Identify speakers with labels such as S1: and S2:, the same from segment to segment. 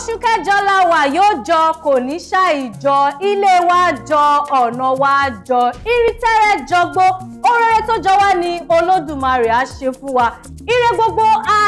S1: oṣù kẹjọ la wà yóò jọ kò ní ṣàì jọ ilé wa jọ ọ̀nà wa jọ irítẹ́rẹ́ jọgbó orere tó jọ wá ni olódùmarè á ṣe fún wa ire gbogbo á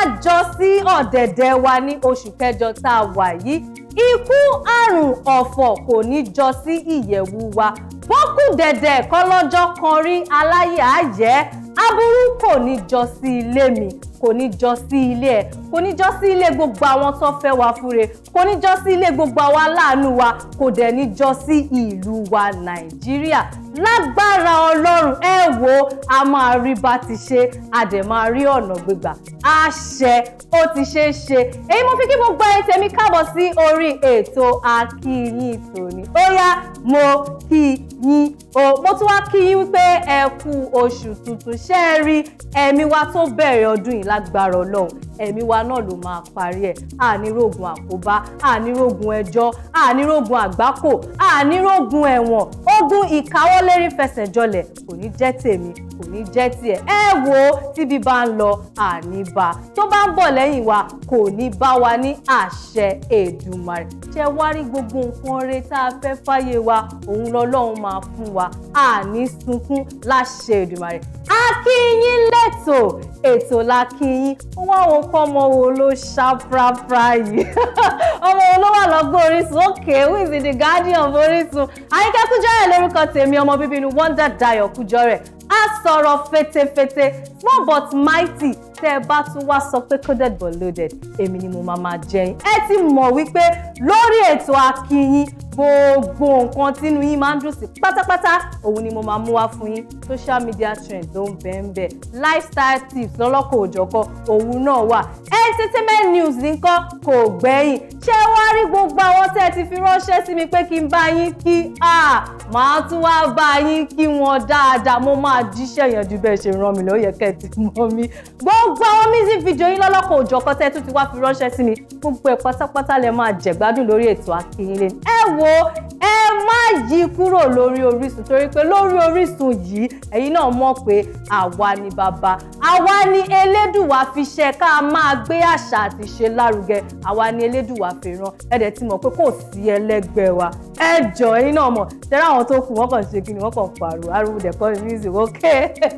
S1: sí ọ̀dẹ̀dẹ̀ wa ní oṣù kẹjọ tá a wà yìí ikú àrùn ọ̀fọ̀ kò ní jọ sí ìyẹ̀wù wa bó kù dẹ̀dẹ̀ kọ́ lọ́jọ́ kan rí aláyè àjẹ́ aburú kò ní jọ sí ilé mi kò ní jọ sí ilé ẹ kò ní jọ sí ilé gbogbo àwọn tó fẹ́ wa fúre kò ní jọ sí ilé gbogbo àwa láàánú wa kò dẹ̀ ní jọ sí ìlú wa nàìjíríà lágbára ọlọ́run ẹ wo a máa rí bá ti ṣe a dẹ̀ máa rí ọ̀nà gbígbà àṣẹ ó ti ṣe é ṣe èyí mo fi kí gbogbo ẹ tèmi káàbọ̀ sí orí lórí ètò akíyìn tòní ó yá mo kí yín o mo tún wá kí yín wípé ẹ kú oṣù tuntun ṣe é rí ẹ̀mí wa tó bẹ̀rẹ̀ ọdún yìí lágbára ọlọ́run ẹ̀mí wa náà ló máa parí ẹ̀ ànírógun àkóbá ànírógun ẹjọ́ ànírógun àgbákò ànírógun ẹ̀wọ̀n ogun ìkáwọ́lérí fẹsẹ̀jọlẹ̀ kò ní jẹ́ tèmi kò ní jẹ́ tiẹ̀ ẹ wo tíbi bá ń lọ àníbá tó bá ń bọ̀ lẹ́yìn wa kò ní bá wa ní àṣẹ Èdùmàrè ṣe wá rí gbogbo nǹkan rẹ tá a fẹ́ fáyé wa òun lọ́lọ́run máa fún wa àní sunkún láṣẹ Èdùmàrè a lẹ́tọ̀ọ́ ètò la kí yín ó ọmọ wo ló ṣàpràprà yìí ọmọ wo ló wà lọ́gbọ́n Orísun òkè wíìsì the guardian of Orísun Àyìnkẹ́ Kújọ́rẹ̀ lórúkọ tèmi ọmọ bíbí inú Wonder Dayo Kújọ́rẹ̀ a sọ̀rọ̀ fetefete small but mighty tẹ́ ẹ bá tún wá sọ pé coded but loaded èmi ni mo máa máa jẹ yín ẹ ti mọ̀ wípé lórí ètò AkiiYin gbogbo nǹkan tínú yín máa ń dùn sí pátápátá òun ni mo máa mú wá fún yín social media trend ló ń bẹ́ẹ̀ ń bẹ́ẹ̀ lifestyle tips lọ́lọ́kọ̀ òjọ̀kọ̀ òun náà wà entertainment news nìkan kò gbẹ́yìn ṣé wàá rí gbogbo àwọn tẹ́ ẹ ti fi ránṣẹ́ sí mi pé kí n bá yín kí máa tún wá bá yín kí wọn dáadáa mo máa jíṣẹ́ yẹn ju bẹ́ẹ̀ ṣe ràn mí lọ yẹ kẹ́ mi gbogbo àwọn music video yín lọ́lọ́kọ̀ òjọ̀kan tẹ́ tún ti wá fi ránṣẹ́ sí mi gbogbo ẹ̀ pátápátá lẹ máa jẹ̀gbádùn lórí ètò Akínyìnlé ẹ wo ẹ má yí kúrò lórí Orísun torí pé lórí Orísun yìí ẹ̀yin náà mọ̀ pé àwa ni bàbá àwa ni Elédùwà fi ṣe ká máa gbé àṣà àti ṣe lárugẹ àwa ni Elédùwà fi rán ẹ̀dẹ̀ ti mọ̀ pé kò sí ẹlẹ́gbẹ́ wa ẹ jọ ẹ̀yin náà mọ̀ tẹ́lẹ̀ àwọn tó kù wọ́n kàn ṣe kí ni wọ́n kàn pààrọ̀ ariwo dẹ̀kọ́ ni music wọ́n okay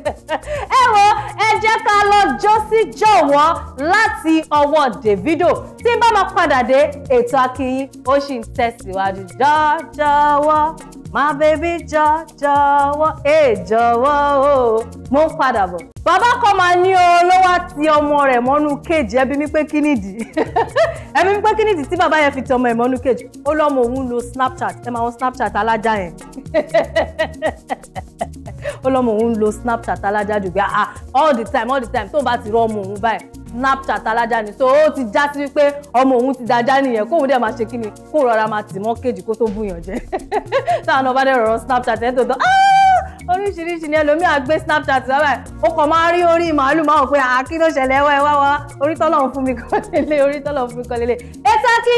S1: ẹ wo ẹ jẹ́ ká lọ jó sí jọ̀wọ́ láti ọwọ́ Davido tí bá máa padà dé ètò akínyìn ó sì ń tẹ̀síwájú jọ̀jọ̀wọ́ my baby jọ̀jọ̀wọ́ ẹ jọ̀wọ́ o mo ń padà bọ̀. bàbá kan máa ní o ló wá ti ọmọ rẹ̀ mọ́nú kéèjì ẹbí mi pé kí nìdí ẹbí mi pé kí tí bàbá yẹn fi ti ọmọ ẹ̀ mọ́nú kéèjì ó lọ́mọ òun lo Snapchat ẹ máa wọ Snapchat alájà yẹn. ó lọ́mọ òun lo snapchat alájà jù pé ah, ah all the time all the time tóun bá ti rọ ọmọ òun báyìí snapchat alájà ni so ó ti já sí wípé ọmọ òun ti dájá nìyẹn kóun dẹ̀ máa ṣe kí ni kó rọra máa tì mọ́ kejì kó tó búyàn jẹ táwọn ọba dẹ̀ rọrọ snapchat ẹ̀ tó tán ah, ah, oríṣiríṣi ni ẹlòmíà gbé snapchat sábà ó kàn máa rí orí màálù máa wò pé àkí ló ṣẹlẹ̀ ẹwà ẹwà wa orítọ́lọ́hún fún mi kan lélẹ̀ orítọ́lọ́hún fún mi kan lélẹ̀ ètò kí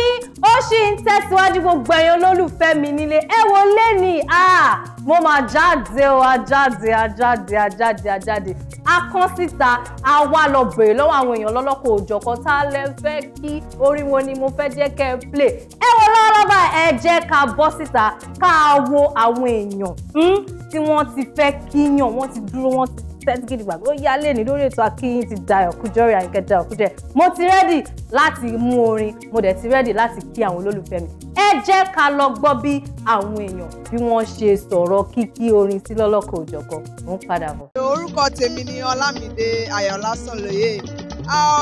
S1: ó ṣì ń tẹ̀síwájú gbogbo ẹ̀yin olólùfẹ́ mi nílé ẹ wo lẹ́nìí mo máa jáde o ajáde ajáde ajáde ajáde a kán síta a wá lọ bèrè lọ́wọ́ àwọn èèyàn lọ́lọ́kọ̀ òjọ̀kan tá a lẹ fẹ́ kí orin wo ni mo fẹ́ jẹ́ kẹ́ ẹ play ẹ wo lọ́lọ́ba ẹ jẹ́ ká bọ́ síta ká wo àwọn èèyàn hmm, tí wọ́n ti fẹ́ kíyàn wọ́n ti dúró wọ́n ti set gidigba ó yálé ní lórí ètò akínyìn ti Dayọ̀ Kujore Àyìnkẹ́ Dayọ̀ Kujore mo ti rẹ́dì láti mú orin mo dẹ̀ ti rẹ́dì láti kí àwọn olólùfẹ́ mi ẹ jẹ́ ká lọ gbọ́ bí àwọn èèyàn bí wọ́n ṣe sọ̀rọ̀ kíkí orin sí lọ́lọ́kọ̀ òjọ̀kan mo ń padà bọ̀. orúkọ tèmi ni Ọlámídé Ayọ̀lá Sànlóyè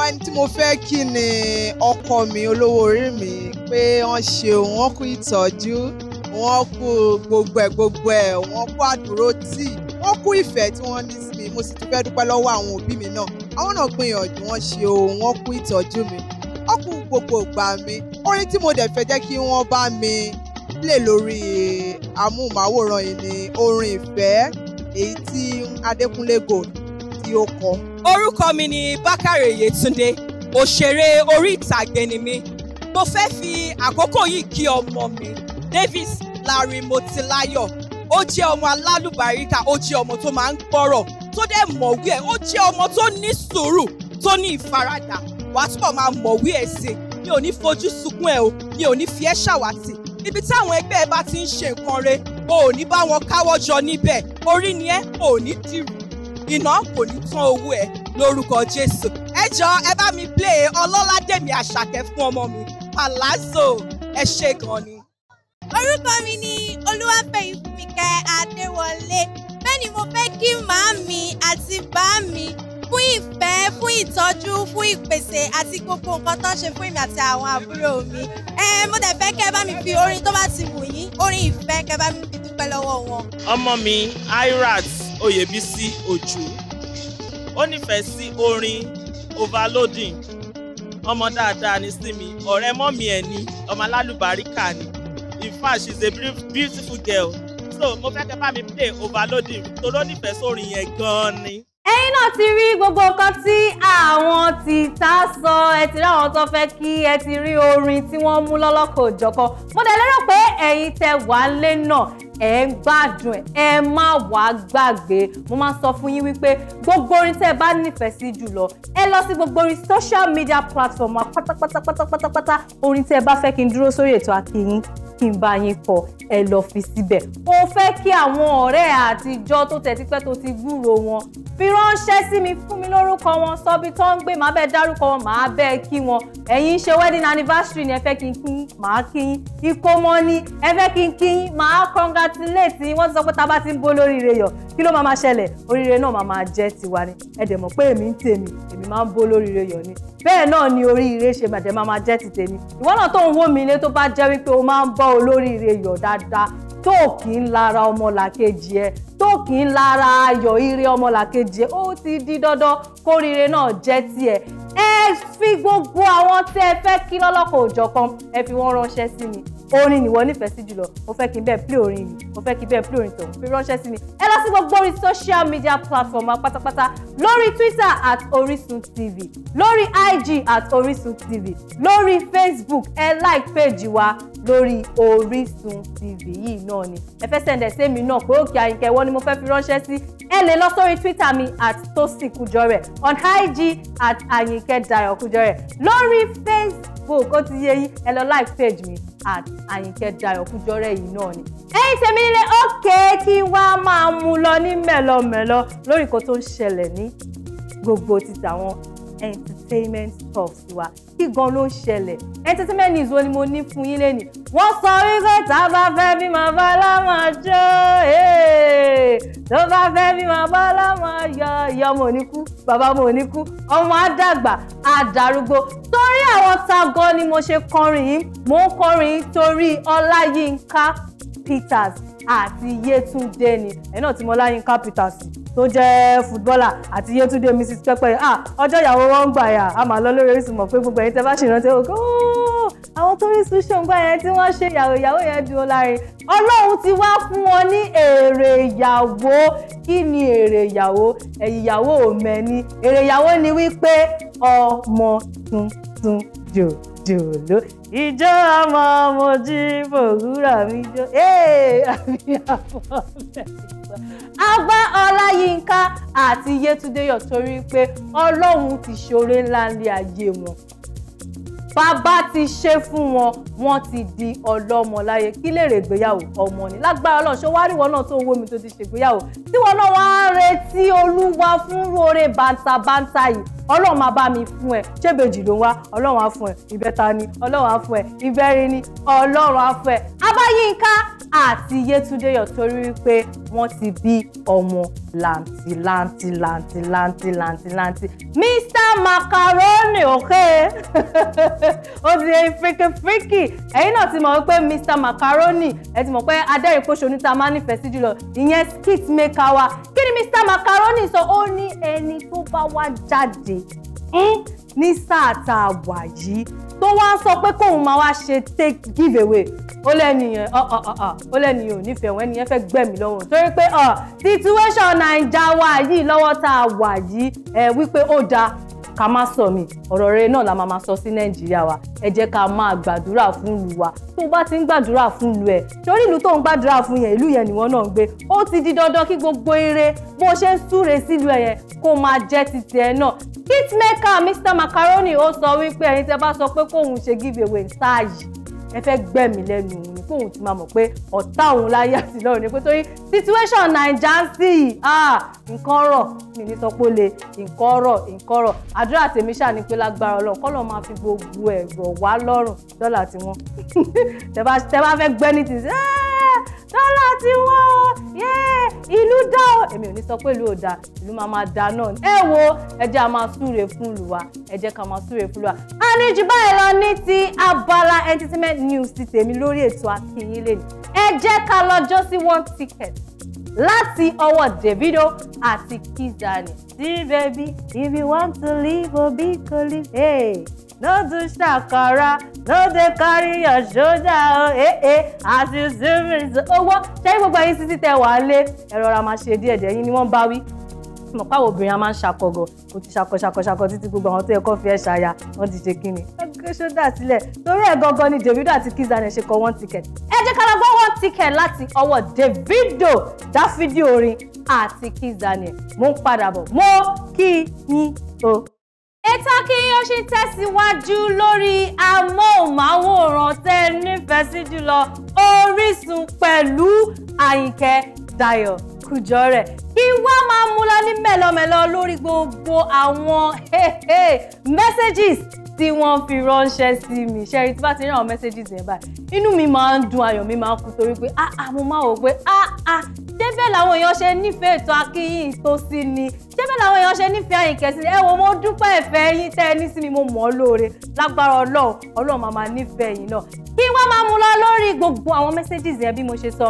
S1: ẹni tí mo fẹ́ kí ni ọkọ mi olówó orí mi pé wọ́n ṣeun wọ́n kú ìtọ́jú wọ́n kú gbogbo ẹ̀ gbogbo ẹ̀ wọ́n kú àdúró tíì ó kú ìfẹ́ tí wọ́n ní sí mi mo sì tún fẹ́ dúpẹ́ lọ́wọ́ àwọn òbí mi náà àwọn náà gbìyànjú wọ́n ṣe òun wọ́n kú ìtọ́jú mi ó gbogbo ìgbà mi orin tí mo dẹ̀ fẹ́ jẹ́ kí wọ́n bá mi lè lórí amóhùnmáwòrán yìí ni orin ìfẹ́ èyí tí Adékúnlé Gold tí ó kọ. orúkọ mi ni Bákàrè Yétúndé òṣèré orí ìtàgé ni mí mo fẹ́ fi àkókò yìí kí ọmọ mi Davis Larry Motilayo ó jẹ́ ọmọ alálùbáríkà ó jẹ́ ọmọ tó máa ń gbọ́rọ̀ tó dẹ̀ mọ̀wé ẹ̀ ó jẹ́ ọmọ tó ní sùúrù tó ní ìfaradà wàá túbọ̀ máa mọ̀wé ẹ̀ sí mi ò ní fojú sunkún ẹ o mi ò ní fi ẹ́ ṣàwátì ibi táwọn ẹgbẹ́ ẹ bá ti ń ṣe nǹkan re o ò ní bá wọn káwọ́ jọ níbẹ̀ orí ni ẹ ò ní dìrù iná kò ní tán owó ẹ lórúkọ Jésù ẹ jọ ẹ bá mi play Ọlọ́ládèmí Àṣàkẹ́ fún ọmọ mi Palazzo ẹ ṣe gan ni. orúkọ mi ni Olúwafẹ́yìí Fúnkẹ́ Adéwọlé bẹ́ẹ̀ ni mo fẹ́ kí màámi àti bàámi fún ìfẹ́ fún ìtọ́jú fún ìpèsè àti gbogbo nǹkan tó ń ṣe fún èmi àti àwọn àbúrò mi mo dẹ̀ fẹ́ kẹ́ bá mi fi orin tó bá ti wù yín orin ìfẹ́ kẹ́ bá mi fi dúpẹ́ lọ́wọ́ wọn. ọmọ mi irat oyèbísí ojú ó nífẹ̀ẹ́ sí orin overloading ọmọ dáadáa ni sí mi ọ̀rẹ́ mọ́mí ẹ̀ ni ọmọ alálùbáríkà ni in fact she is a beautiful girl so mo fẹ́ kẹ́ bá mi play overloading toró nífẹ̀ẹ́ sórin yẹn gan-an ni. ẹ̀yin náà ti rí gbogbo nǹkan tí àwọn tìta sọ ẹ ti rí àwọn tó fẹ́ kí ẹ ti rí orin tí wọ́n mú lọ́lọ́kọ̀ òjọ̀kan mo dẹ̀ lérò pé ẹ̀yin tẹ wà lé náà ẹ ń gbádùn ẹ ẹ má wàá gbàgbé mo máa sọ fún yín wípé gbogbo orin tẹ́ bá nífẹ̀ẹ́ sí jùlọ ẹ lọ sí gbogbo orin social media platform pátápátá pátápátá orin tẹ́ ẹ bá fẹ́ kí n dúró sórí ètò Àkíìyín kí n bá yín kọ ẹ lọ fi síbẹ̀. mo fẹ́ kí àwọn ọ̀rẹ́ àtijọ́ tó tẹ̀ tipẹ́ tó ti gbúrò wọn fi ránṣẹ́ sí mi fún mi lórúkọ wọn sọ bí tó ń gbé màá bẹ́ẹ̀ dárúkọ wọn màá bẹ́ẹ̀ kí wọn ẹ̀yin ṣe wedding anniversary ni ẹ fẹ́ kí n kí yín màá kí yín ìkómọ ni ẹ fẹ́ kí n kí yín màá congratulate wọ́n ti sọ pé tá a bá ti ń bó lóríire yọ̀ kí ló máa máa ṣẹlẹ̀ oríire náà máa máa jẹ́ tiwa ni ẹ dẹ̀ mọ̀ pé èmi ń tèmi èmi máa ń bó lóríire yọ̀ ni bẹ́ẹ̀ náà ni oríire ṣe bàtẹ́ máa máa jẹ́ ti tèmi ìwọ náà tó ń wó mi ilé tó bá jẹ́ wípé o máa ń bá olóríire yọ̀ dáadáa tó kì í lára ọmọlàkejì ẹ tó kì í lára ayọ̀ ire ọmọlàkejì ẹ ó ti di dandan kóríire náà jẹ́ tiẹ̀ ẹ fi gbogbo àwọn tẹ́ ẹ fẹ́ kí lọ́lọ́kọ̀ òjọ̀kan ẹ fi wọ́n ránṣẹ́ sí mi orin nìwọ nífẹ̀ẹ́ sí jùlọ mo fẹ́ kí n bẹ́ẹ̀ play orin mi mo fẹ́ kí n bẹ́ẹ̀ play orin tòun fi ránṣẹ́ sí mi ẹ lọ sí gbogbo orí social media platform pátápátá lórí twitter at orisun tv lórí ig at orisun tv lórí facebook ẹ like page wa lórí orisun tv yìí náà ni ẹ fẹ́ sẹ̀ǹdẹ̀ sí èmi náà pé òkè àyìnkẹ́ wọ́n ni mo fẹ́ fi ránṣẹ́ sí ẹ lè lọ sórí twitter mi at tosikujore on ig at àyìn Fúnkẹ́ Dayọ̀ Kújọrẹ̀ lórí Facebook ó ti yé yín ẹ lọ like page mi at Àyìnkẹ́ Dayọ̀ Kújọrẹ̀ yìí náà ni. ẹ̀yin tèmi nílé ókè kí wá máa mú lọ ní mẹ́lọmẹ́lọ lórí nǹkan tó ń ṣẹlẹ̀ ní gbogbo títà entertainment stuff wa kí gan ló ṣẹlẹ̀ entertainment news wo ni mo ní fún yín lẹ́nu wọ́n sọ wípé tá a bá fẹ́ bí màá bá lámà jó tó bá fẹ́ bí màá bá lámà yọ ìyá ọmọ òní kú bàbá ọmọ òní kú ọmọ àdàgbà àdàrúgbó torí àwọn tá ni mo ṣe kọrin yìí mo ń kọrin torí Ọláyínká Peters àti Yétúndé ni ẹ̀ náà ti mọ Láyínká Peters tó jẹ́ fútbọ́là àti Yétúndé Mrs Pẹ́pẹ́yẹ ah ọjọ́ ìyàwó wọn ń gbà yà á máa lọ lórí Orísun mọ̀ pé gbogbo ẹ̀yin tẹ́ bá ṣèrántí ó kó àwọn tó rí sùsùngbà yẹn tí wọ́n ṣe ìyàwó ìyàwó yẹn dúró láàrin ọlọ́run ti wá fún wọn ní èrè ìyàwó kí ni èrè ìyàwó ẹ̀yìn ìyàwó ò mẹ́ni èrè ìyàwó ni wípé ọmọ tuntun jò dòló ìjọ ọmọ ọmọ jí fòwúrà mi jó Aba àbọ̀ mẹ́sàn-án. abá ọláyínká àti yétúndéyọ̀ torí pé ọlọ́run ti ṣoore ńlá ní ayé wọn bàbá ti ṣe fún wọn wọn ti di ọlọ́mọ láyé kí lèrè ìgbéyàwó ọmọ ni lágbára Ọlọ́run ṣé wàá rí wọn náà tó wo mi tó ti ṣègbéyàwó tí wọn náà wàá retí Olúwa fún oore bàǹtàbàǹtà yìí ọlọ́run máa bá mi fún ẹ ṣébèjì ló ń wá ọlọ́run á fún ẹ ìbẹ́ta ni ọlọ́run á fún ẹ ìbẹ́rin ni ọlọ́run á fún ẹ abáyínká àti Yétúndé Yọ̀ torí wípé wọ́n ti bí ọmọ lanti, lanti, lanti. Mr Macaroni òkè ó ti yẹ fíkì fíkì ẹ̀yin náà ti mọ̀ wípé Mr Macaroni ẹ ti mọ̀ pé adẹ́rìnpòṣónú ta máa nífẹ̀ẹ́ sí jùlọ ìyẹn skit maker wa kí ni Mr Macaroni sọ ó ní ẹni tó bá wá jáde hmm, ní sáà tá a wà yìí tó wá sọ pé kóun máa wá ṣe take give away ó lẹ́nìyẹn ó lẹ́nìyẹn ò nífẹ̀ẹ́ òun ẹnìyẹn fẹ́ gbẹ̀mí lọ́wọ́ torí pé situation naija wa yìí lọ́wọ́ tá a wà yìí ẹ wípé ó dáa ká má sọ mi ọ̀rọ̀ rere náà la máa máa sọ sí nàìjíríà wa ẹ jẹ́ ká máa gbàdúrà fún ìlú wa tó o bá ti ń gbàdúrà fún ìlú ẹ torí ìlú tó ń gbàdúrà fún yẹn ìlú yẹn nìwọ náà ń gbé ó ti di dandan kí gbogbo eré bó ṣe ń súre sílùú ẹ yẹn kó máa jẹ́ ti tiẹ̀ náà hitmaker mr macaroni ó sọ wípé ẹni tẹ bá sọ pé kóun ṣe giveaway ń sáàyè ẹ fẹ́ gbẹ̀mí lẹ́nu òun tóun ti máa mọ̀ pé ọ̀tá òun láyé àti lọ́run ni pé torí situation naija sí i ah, nǹkan rọ̀ mi ní sọ pé le nǹkan rọ̀ nǹkan rọ̀ àdúrà tèmi ṣáà ni pé lágbára ọlọ́run kọ́ lọ́ọ́ máa fi gbogbo ẹ̀ wá lọ́rùn dọ́là tiwọn tẹ bá fẹ́ gbẹ́ ní ti ṣe eh, ẹ́ẹ́ dọ́là ti wọ́n o yéé ìlú dá o èmi ò ní sọ pé ìlú ò dá ìlú máa máa dá náà ẹ wo ẹ jẹ́ a máa súre fún ìlúwa ẹ ká máa súre fún ìlúwa. a ní jù báyìí lọ ní ti abala entertainment news ti tèmi lórí ètò Akíìyín lẹ́nu ẹ jẹ́ ká lọ jó sí one ticket láti ọwọ́ Davido àti Kiss Daniel. see baby if you want to live obi ko live hey, no do ṣàkàrà. No dey carry your shoulder o eh eh as you see me so owó oh, ṣẹ́yìn gbogbo ẹ̀yin títí tẹ wàá lé ẹ̀rọ ra máa ṣe díẹ̀ díẹ̀ yín ni wọ́n bá wí mọ̀ páwọn obìnrin a máa ń ṣàkọ̀gọ̀ kò ti ṣàkọ̀ ṣàkọ̀ ṣàkọ̀ títí gbogbo àwọn tó yẹ kó fi ẹ̀ ṣàyà wọ́n ti ṣe kíni. ẹgbẹ́ ṣódà sílẹ̀ torí ẹ̀ gangan ni Davido àti Kiss Daniel ṣe kọ one ticket. ẹ jẹ́ ká lọ gbọ́ one ticket láti ọwọ́ Davido dáfídì orin àti Kiss Daniel mo ń padà bọ̀ mo kí yín o ètò Àkíìyín ṣì ń tẹ̀síwájú lórí amóhùnmáwòrán tẹ́ nífẹ̀ẹ́ sí jùlọ Orísun pẹ̀lú Àyìnkẹ́ Dayọ̀ kùjọ rẹ̀ kí wá máa mú lọ ní mẹ́lọmẹ́lọ lórí gbogbo àwọn messages tí wọ́n fi ránṣẹ́ sí mi ṣẹ́rí tí bá ti rí àwọn messages yẹn báyìí inú mi máa ń dùn ayọ̀ mi máa ń kú torí pé ah ah mo máa wò pé ah ah ṣé bẹ́ẹ̀ làwọn èèyàn ṣe nífẹ̀ẹ́ ètò akínyìn tó sí ni ṣé bẹ́ẹ̀ làwọn èèyàn ṣe nífẹ̀ẹ́ àyìnkẹ́ sí ẹ mo dúpẹ́ ìfẹ́ yín tẹ́ ẹ ní sí mi mo mọ̀ ọ́ lóore lágbára ọlọ́run ọlọ́run máa máa nífẹ̀ẹ́ yín náà kí wọ́n máa mú lọ lórí gbogbo àwọn messages yẹn bí mo ṣe sọ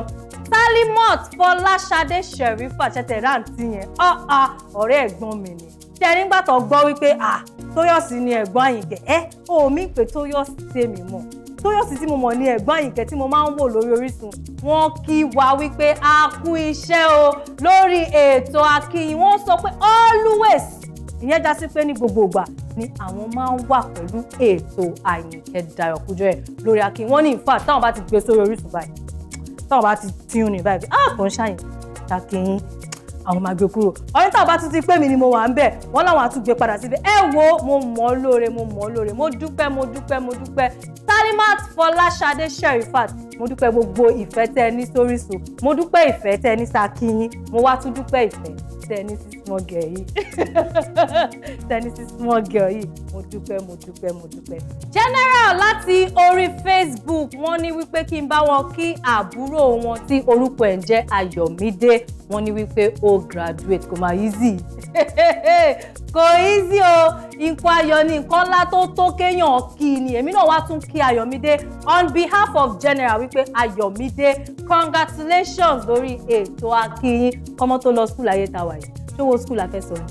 S1: Salimot Fọláṣadé Sherifa ṣẹ̀tẹ̀ rántí yẹn ọ̀rẹ́ ẹ̀gbọ́n mi ni tẹ́rí ń gbàtọ̀ gbọ́ wípé à Tóyọ̀sí ni ẹ̀gbọ́n Àyìnkẹ́ ẹ́ òmí pé Tóyọ̀sí tèmi mọ̀ Tóyọ̀sí tí mo mọ̀ ní ẹ̀gbọ́n Àyìnkẹ́ tí mo máa ń wò lórí Orísun wọ́n kí wa wípé a kú iṣẹ́ o lórí ètò Akíìyín wọ́n sọ pé always ìyẹn já sí pé ní gbogbo ni àwọn máa ń wà pẹ̀lú ètò Àyìnkẹ́ Dayọ̀ Kújọrẹ̀ lórí Akíìyín wọ́n ní in fact táwọn bá ti gbé e sórí Orísun báyìí táwọn bá ti tíun ní báyìí ah kò ń ṣàyìn takin àwọn máa gbé kúrò ọ̀rẹ́ táwọn bá tún ti pé mi ni mo wà ń bẹ̀ wọ́n láwọn àtúgbé padà síbi ẹ wo mo mọ̀ ọ́ lóore mo mọ̀ ọ́ lóore mo dúpẹ́ mo dúpẹ́ mo dúpẹ́ Talimat Fọláṣadé Sherifat mo dúpẹ́ gbogbo ìfẹ́ tẹ́ ẹ ní sórísun mo dúpẹ́ ìfẹ́ tẹ́ ẹ ní sakíyín mo wá tún dúpẹ́ ìfẹ́ tẹ́ ẹ ní sí small yìí tẹ́ ẹ ní sí small yìí mo dúpẹ́ mo dúpẹ́ mo dúpẹ́. general láti orí facebook wọ́n ní wípé kí n bá wọn kí àbúrò wọn tí orúkọ ẹ̀ ń jẹ́ ayọ̀mídé wọ́n ní wípé ó graduate kò máa easy kò easy o nǹkan ayọ̀ ni nǹkan ńlá tó tó kéèyàn kí ni èmi náà wá tún kí ayọ̀mídé on behalf of general wípé Ayọ̀mídé congratulations lórí ètò akíyín kọ́mọ́ tó lọ skul ayé ta wà yìí ṣówó skul afẹ́sọ̀ ni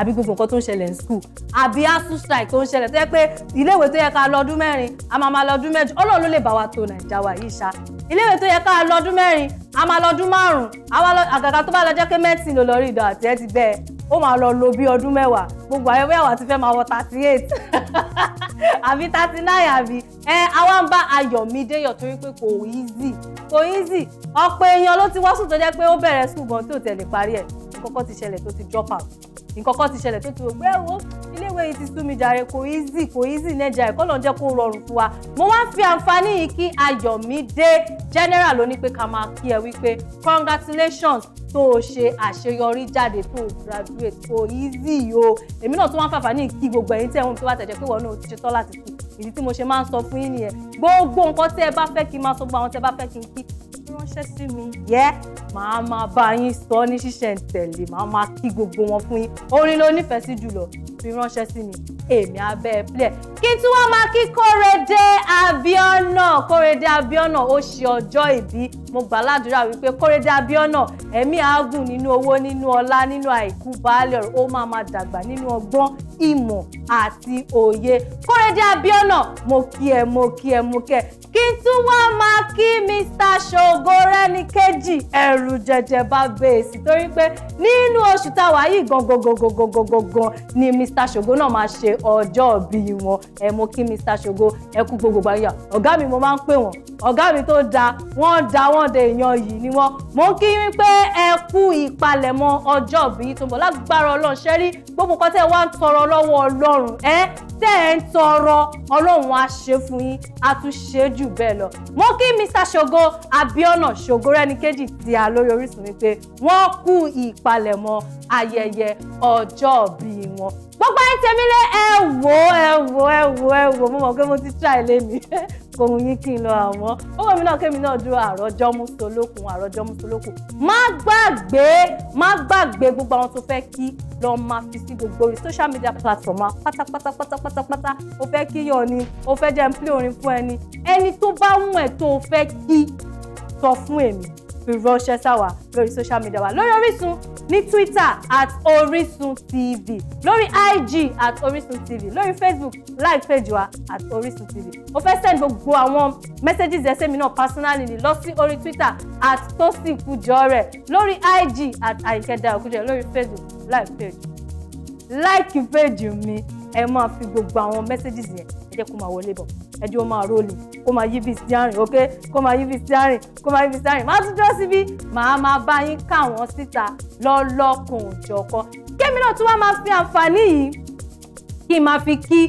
S1: àbí gbogbo nǹkan tó ń ṣẹlẹ̀ ní skul àbí asu strike tó ń ṣẹlẹ̀ tó yẹ pé iléèwé tó yẹ ká lọ́dún mẹ́rin a máa máa lọ́dún mẹ́jọ ọlọ́run ló lè bá wa tó nàìjà wa yìí ṣá iléèwé tó yẹ ká lọ́dún mẹ́rin a máa lọ́dún márùn-ún àgàgà tó bá lọ jẹ́ pé mẹ́tì ló lọ rí ìdán àti ẹ ti bẹ́ẹ̀ ó máa lọ lo bí ọdún mẹ́wàá gbogbo ayọ̀ bẹ́ẹ̀ wà ti fẹ́ máa wọ thirty eight àbí thirty nine àbí ẹ àwa ń bá Ayọ̀mídé yọ̀ torí pé kò easy kò easy ọ̀pọ̀ èèyàn ló ti wá sùn tó jẹ́ pé ó bẹ̀rẹ̀ sùn gan tí ò tẹ̀lé parí ẹ̀ kọ́kọ́ ti ṣẹlẹ̀ tó ti drop out nǹkan kan ti ṣẹlẹ̀ tó ti rò pé ẹ wo iléèwé yìí ti sú mi jàre kò easy kò easy nẹ́jà ẹ̀kọ́ lọ́n jẹ́ kó rọrùn fún wa mo wá ń fi àǹfààní yìí kí Ayọ̀mídé general ló ní pé ká máa kí ẹ wípé congratulations tó o ṣe àṣeyọrí jáde tó o graduate kò easy o èmi náà tó wá ń fàǹfààní kí gbogbo ẹ̀yin tẹ̀ ń tó bá tẹ̀ jẹ́ pé wọn náà ti ṣetán láti kú ìdí tí mo ṣe máa ń sọ fún yín nìyẹn gbogbo nǹkan tẹ́ ẹ bá fẹ́ kí n máa sọ gbogbo àwọn tẹ́ ẹ bá fẹ́ kí n kí ránṣẹ́ sí mi yẹ́ màá máa bá yín sọ ní ṣíṣẹ̀ ń tẹ̀lé màá máa kí gbogbo wọn fún yín orin ló nífẹ̀ẹ́ sí jùlọ fi ránṣẹ́ sí mi èmi abẹ́ plẹ̀ kí tí wọ́n máa kí Kórèdé Abíọ́nà Kórèdé Abíọ́nà ó ṣe ọjọ́ ìbí mo gbà ládùúrà wípé Kórèdé Abíọ́nà ẹ̀mí àágùn nínú owó nínú ọlá nínú àìkú baálé ọ̀rọ̀ ó máa máa dàgbà nínú ọgbọ́n ìmọ̀ àti òye Kórèdé Abíọ́nà mo kí ẹ mo kí ẹ mo kí ẹ kí n tún wá máa kí Mr Ṣògorẹ́níkejì ẹ̀rù jẹjẹ bá bèèsì e torí pé nínú oṣù táwa yìí gangan gangan gangan gangan ni Mr Ṣògo náà máa ṣe ọjọ́ bí wọn ẹ mo kí Mr. Ṣògo ẹ kú gbogbo gbàyà ọ̀gá mi mo máa ń pè wọ́n ọ̀gá mi tó da wọ́n da wọ́n de èèyàn yìí ni wọ́n mo kí yín pé ẹ kú ìpalẹ̀mọ́ ọjọ́ bí tó ń bọ̀ lágbára ọlọ́run ṣe rí gbogbo nǹkan tẹ́ wá ń tọrọ lọ́wọ́ ọlọ́run ẹ tẹ́ ẹ ń tọrọ ọlọ́run á ṣe fún yín á tún ṣe jù bẹ́ẹ̀ lọ mo kí Mr. Ṣògo Abiona Ṣògorẹ́nikejì tí a lórí Orísun mi pé wọ́n kú ìpalẹ̀mọ́ ayẹyẹ ọjọ́ bí wọn gbogbo ẹ̀ tẹ̀mí lé ẹ wò ẹ wò mo mọ̀ pé mo ti try lẹ́nu kò mú yín kí n lọ àmọ́ owó mi náà kémi náà dúró àròjọ́ mú solókun àròjọ́ mú solókun má gbàgbé má gbàgbé gbogbo àwọn tó fẹ́ kí lọ máa fi sí gbogbo orí social media platform wa pátápátá pátápátá o fẹ́ kí yọ̀ ni o fẹ́ jẹ́ n play orin fún ẹni ẹni tó bá wù ẹ́ tó o fẹ́ kí sọ fún èmi fi ránṣẹ́ sáwà lórí social media wa lórí Orísun ní Twitter at Orísun TV lórí IG at Orísun TV lórí Facebook like page wa at Orísun TV mo fẹ́ send gbogbo àwọn messages ẹsẹ̀ mi náà personally lọ sí orí Twitter at Tosin Kujore lórí IG at Ayinke Dayo Kujore lórí Facebook like page like page mi ẹ máa fi gbogbo àwọn messages yẹn ẹ jẹ́ kó máa wọlé bọ̀ ẹ jẹ́ kó máa rólì kó máa yí bí sí àrìn ok kó máa yí bí sí àrìn kó máa yí bí sí àrìn máa tún dúró síbí màá máa bá yín ká wọn síta lọ́lọ́kùnjọ̀kan kémi náà tún wá máa fi àǹfààní yìí kí n máa fi kí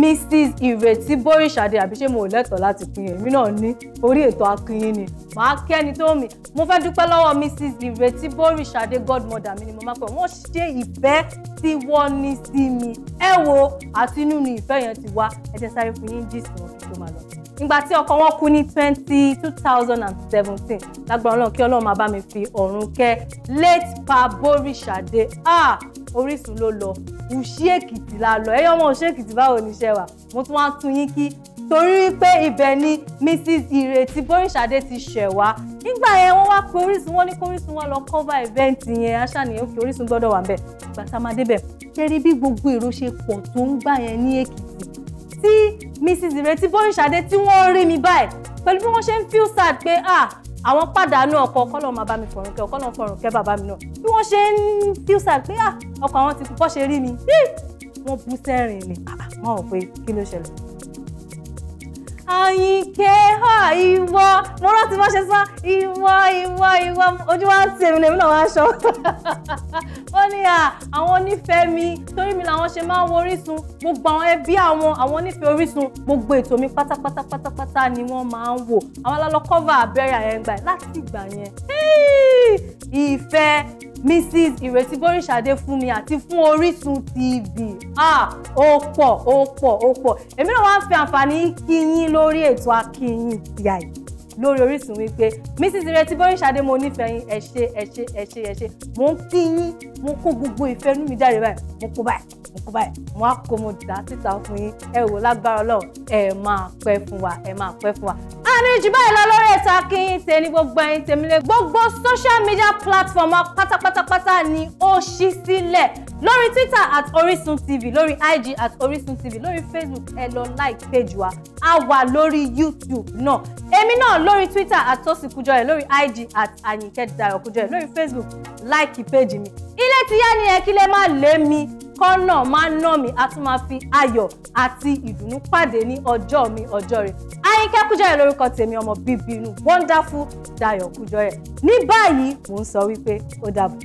S1: Mrs Ìrètí Bóríṣàdé àbí ṣé mo lẹ́tọ̀ọ́ láti pín èmi náà ní orí ètò akínyìn ni màá kẹ́ni tó mi mo fẹ́ dúpẹ́ lọ́wọ́ mrs ìrètí bóríṣadé godmother mi ni mo máa pẹ́ wọ́n ṣe ìfẹ́ tí wọ́n ní sí mi ẹ wo àti inú ni ìfẹ́ yẹn ti wá ẹ jẹ́ sáré fún yín gist wọn tó máa lọ. ìgbà tí ọkọ wọn kú ní twenty two thousand and seventeen lágbára ọlọ́run kí ọlọ́run máa bá mi fi ọ̀run kẹ́ late pa bóríṣadé ah orísun ló lọ òṣì èkìtì la lọ ẹyọ ọmọ òṣì èkìtì báwo ni iṣẹ́ wa mo tún wá tún yín kí torí pé ibẹ̀ ni Mrs Ireti. Bóríṣadé ti ṣẹ̀ wá nígbà yẹn wọ́n wá pe Orísun wọn ní kó Orísun wọn lọ cover event yẹn aṣàníyàn òkè Orísun gbọ́dọ̀ wà bẹ́ẹ̀ ìgbà tá a máa débẹ̀ kẹrí bí gbogbo èrò ṣe pọ̀ tó ń gbà yẹn ní Èkìtì tí Mrs Ireti Bóríṣadé tí wọ́n rí mi báyìí pẹ̀lú bí wọ́n ṣe ń feel sad pé ah àwọn pàdánù ọkọ ọkọlọ máa bá mi fọrùn kẹ ọkọlọ fọrùn kẹ bàbá mi náà bí wọ́n ṣe ń feel sad pé ah ọkọ àwọn ti kú bọ́ ṣe rí mi wọ́n bú sẹ́rìn ni wọ́n rò pé kí ló ṣẹlẹ̀ àyìnkẹ́ ìwọ mo rántí bá ṣe sọ ìwọ ìwọ ìwọ ojú wa ń tì èmi lèmi náà wá aṣọ ó ní à àwọn onífẹ̀ẹ́ mi torí mi làwọn ṣe máa ń wo Orísun gbogbo àwọn ẹbí àwọn àwọn onífẹ̀ẹ́ Orísun gbogbo ètò mi pátápátá pátápátá ni wọ́n máa ń wò àwọn alálọ́ cover abẹ́rẹ́ àyẹ̀ngbà láti ìgbà yẹn ìfẹ́ mrs ìrètí bọ́rìṣàdé fún mi àti fún orísun tv ó pọ̀ ó pọ̀ ó pọ̀ èmi náà wá ń fi àǹfààní kí yín lórí ètò akínyìn tí a lórí Orísun wípé Mrs Ìrètí Bọ́ríṣadé mo nífẹ̀ẹ́ yín ẹ ṣé ẹ ṣé ẹ ṣé ẹ ṣé mo ń kí yín mo kó gbogbo ìfẹ́ inú mi jáde báyìí mo kó báyìí mo kó báyìí mo á kó mo dá síta fún yín ẹ wò lágbára Ọlọ́run ẹ máa pẹ́ fún wa ẹ máa pẹ́ fún wa àníjù báyìí lọ lórí ètò akínyìn tẹni gbogbo ẹ̀yin tèmílẹ gbogbo social media platform pátápátápátá ni ó ṣí sílẹ̀ lórí twitter at orisun tv lórí ig at orisun tv lórí facebook ẹ lọ like page wa a wà lórí youtube náà èmi náà lórí twitter at tosi kujore lórí ig at ayinke dayo kujore lórí facebook láìkì péjì mi ilé ti yá ni ẹ kí lè má lé mi kọ́nà máa ná mi a tún máa fi ayọ̀ àti ìdùnnú pàdé ní ọjọ́ mi ọjọ́ rẹ̀ ayinke kujore lórúkọ tèmi ọmọ bíbí inú wonderful dayo kujore ní báyìí mò ń sọ wípé ó dàbọ̀.